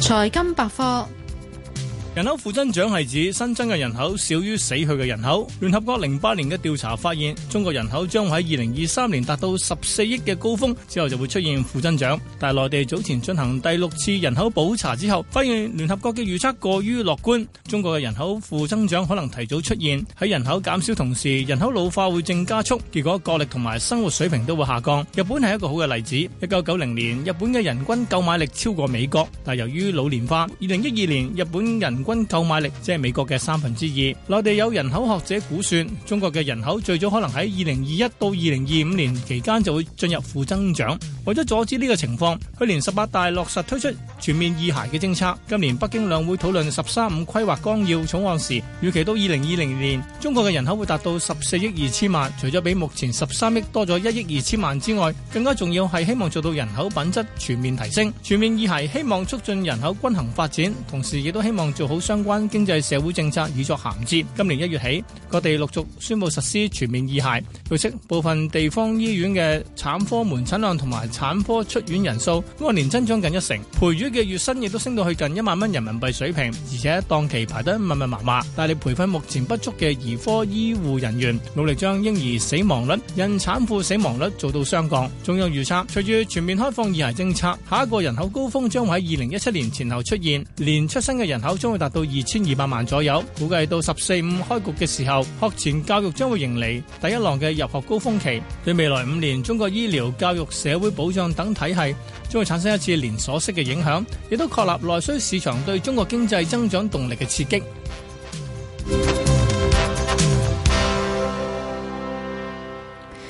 財金百科。人口負增長係指新增嘅人口少於死去嘅人口。聯合國零八年嘅調查發現，中國人口將會喺二零二三年達到十四億嘅高峰之後就會出現負增長。但係內地早前進行第六次人口普查之後，發現聯合國嘅預測過於樂觀，中國嘅人口負增長可能提早出現。喺人口減少同時，人口老化會正加速，結果國力同埋生活水平都會下降。日本係一個好嘅例子。一九九零年，日本嘅人均購買力超過美國，但由於老年化，二零一二年日本人。均購買力即係美國嘅三分之二。內地有人口學者估算，中國嘅人口最早可能喺二零二一到二零二五年期間就會進入負增長。為咗阻止呢個情況，去年十八大落實推出全面二孩嘅政策，今年北京兩會討論《十三五》規劃綱要草案時，預期到二零二零年，中國嘅人口會達到十四億二千萬。除咗比目前十三億多咗一億二千萬之外，更加重要係希望做到人口品質全面提升。全面二孩希望促進人口均衡發展，同時亦都希望做好相關經濟社會政策以作銜接。今年一月起，各地陸續宣佈實施全面二孩。據悉，部分地方醫院嘅產科門診量同埋產科出院人數按年增長近一成，培育。嘅月薪亦都升到去近一萬蚊人民幣水平，而且檔期排得密密麻麻，大力培訓目前不足嘅兒科醫護人員，努力將嬰兒死亡率、孕產婦死亡率做到雙降。中央預測，隨住全面開放二孩政策，下一個人口高峰將會喺二零一七年前後出現，年出生嘅人口將會達到二千二百萬左右。估計到十四五開局嘅時候，學前教育將會迎嚟第一浪嘅入學高峰期，對未來五年中國醫療、教育、社會保障等體系將會產生一次連鎖式嘅影響。亦都確立內需市場對中國經濟增長動力嘅刺激。